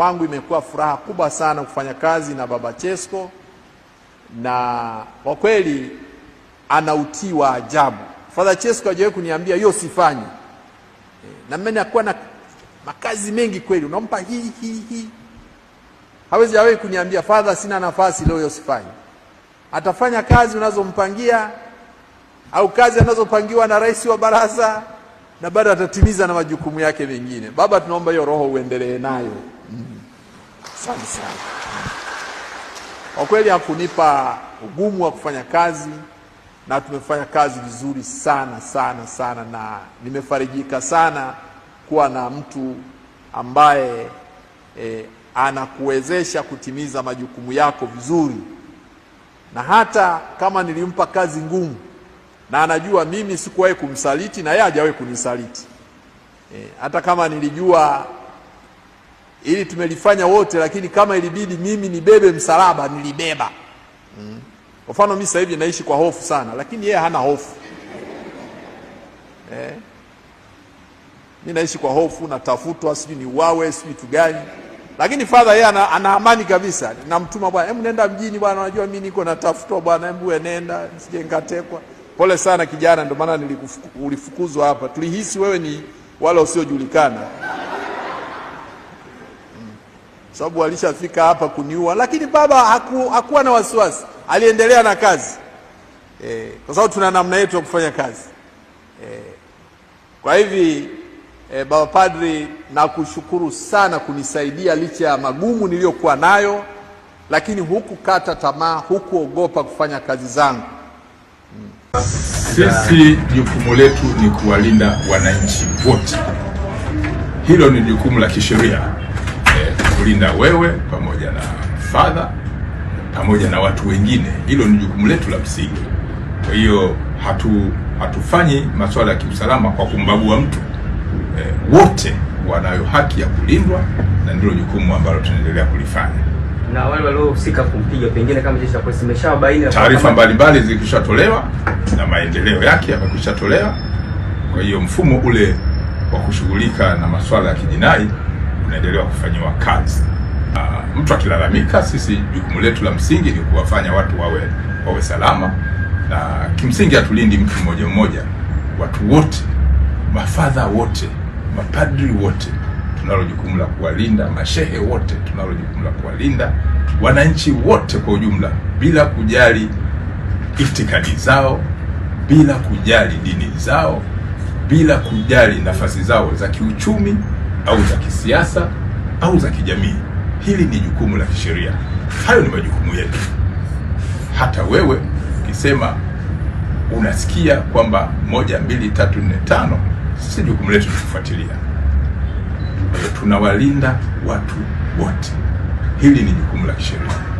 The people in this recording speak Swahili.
kwangu imekuwa furaha kubwa sana kufanya kazi na Baba Chesko, na kwa kweli ana utii wa ajabu. Father Chesko hajawahi kuniambia hiyo sifanyi, eh, na mimi nakuwa na makazi mengi kweli, unampa hii hii hii, hawezi hawahi kuniambia Father, sina nafasi leo, hiyo sifanyi. Atafanya kazi unazompangia au kazi anazopangiwa na rais wa baraza na bado atatimiza na majukumu yake mengine. Baba, tunaomba hiyo roho uendelee nayo. Asante sana kwa kweli, hakunipa ugumu wa kufanya kazi na tumefanya kazi vizuri sana sana sana, na nimefarijika sana kuwa na mtu ambaye e, anakuwezesha kutimiza majukumu yako vizuri, na hata kama nilimpa kazi ngumu, na anajua mimi sikuwahi kumsaliti na yeye hajawahi kunisaliti e, hata kama nilijua ili tumelifanya wote, lakini kama ilibidi mimi nibebe msalaba nilibeba. Kwa mfano mimi sasa hivi naishi kwa hofu sana, lakini yeye hana hofu eh? Mimi naishi kwa hofu, natafutwa, sijui ni wawe sijui kitu gani, lakini father yeye ana, ana amani kabisa. Namtuma bwana, hebu nenda mjini bwana, unajua mimi niko natafutwa bwana, hebu nenda sije ngatekwa. Pole sana kijana, ndio maana nilikufukuzwa hapa, tulihisi wewe ni wale wasiojulikana sababu alishafika hapa kuniua, lakini baba haku, hakuwa na wasiwasi, aliendelea na kazi e, kwa sababu tuna namna yetu ya kufanya kazi e, kwa hivi e, baba padri, nakushukuru sana kunisaidia licha ya magumu niliyokuwa nayo, lakini hukukata tamaa, hukuogopa kufanya kazi zangu. Sisi jukumu letu ni kuwalinda wananchi wote, hilo ni jukumu la kisheria kukulinda wewe pamoja na fadha pamoja na watu wengine. Hilo ni jukumu letu la msingi. Kwa hiyo hatu hatufanyi masuala ya kiusalama kwa kumbagua mtu e, wote wanayo haki ya kulindwa na ndilo jukumu ambalo tunaendelea kulifanya na wale waliohusika kumpiga pengine kama jeshi la polisi imeshawabaini, taarifa mbalimbali zilishatolewa na maendeleo yake yamekushatolewa. Kwa hiyo mfumo ule wa kushughulika na masuala ya kijinai unaendelea kufanyiwa kazi. Uh, mtu akilalamika, sisi jukumu letu la msingi ni kuwafanya watu wawe wawe salama, na kimsingi hatulindi mtu mmoja mmoja. Watu wote, mafadha wote, mapadri wote, tunalo jukumu la kuwalinda. Mashehe wote, tunalo jukumu la kuwalinda. Wananchi wote kwa ujumla, bila kujali itikadi zao, bila kujali dini zao, bila kujali nafasi zao za kiuchumi au za kisiasa au za kijamii. Hili ni jukumu la kisheria. Hayo ni majukumu yetu. Hata wewe ukisema unasikia kwamba moja, mbili, tatu, nne, tano, sisi jukumu letu ni kufuatilia. Tunawalinda watu wote. Hili ni jukumu la kisheria.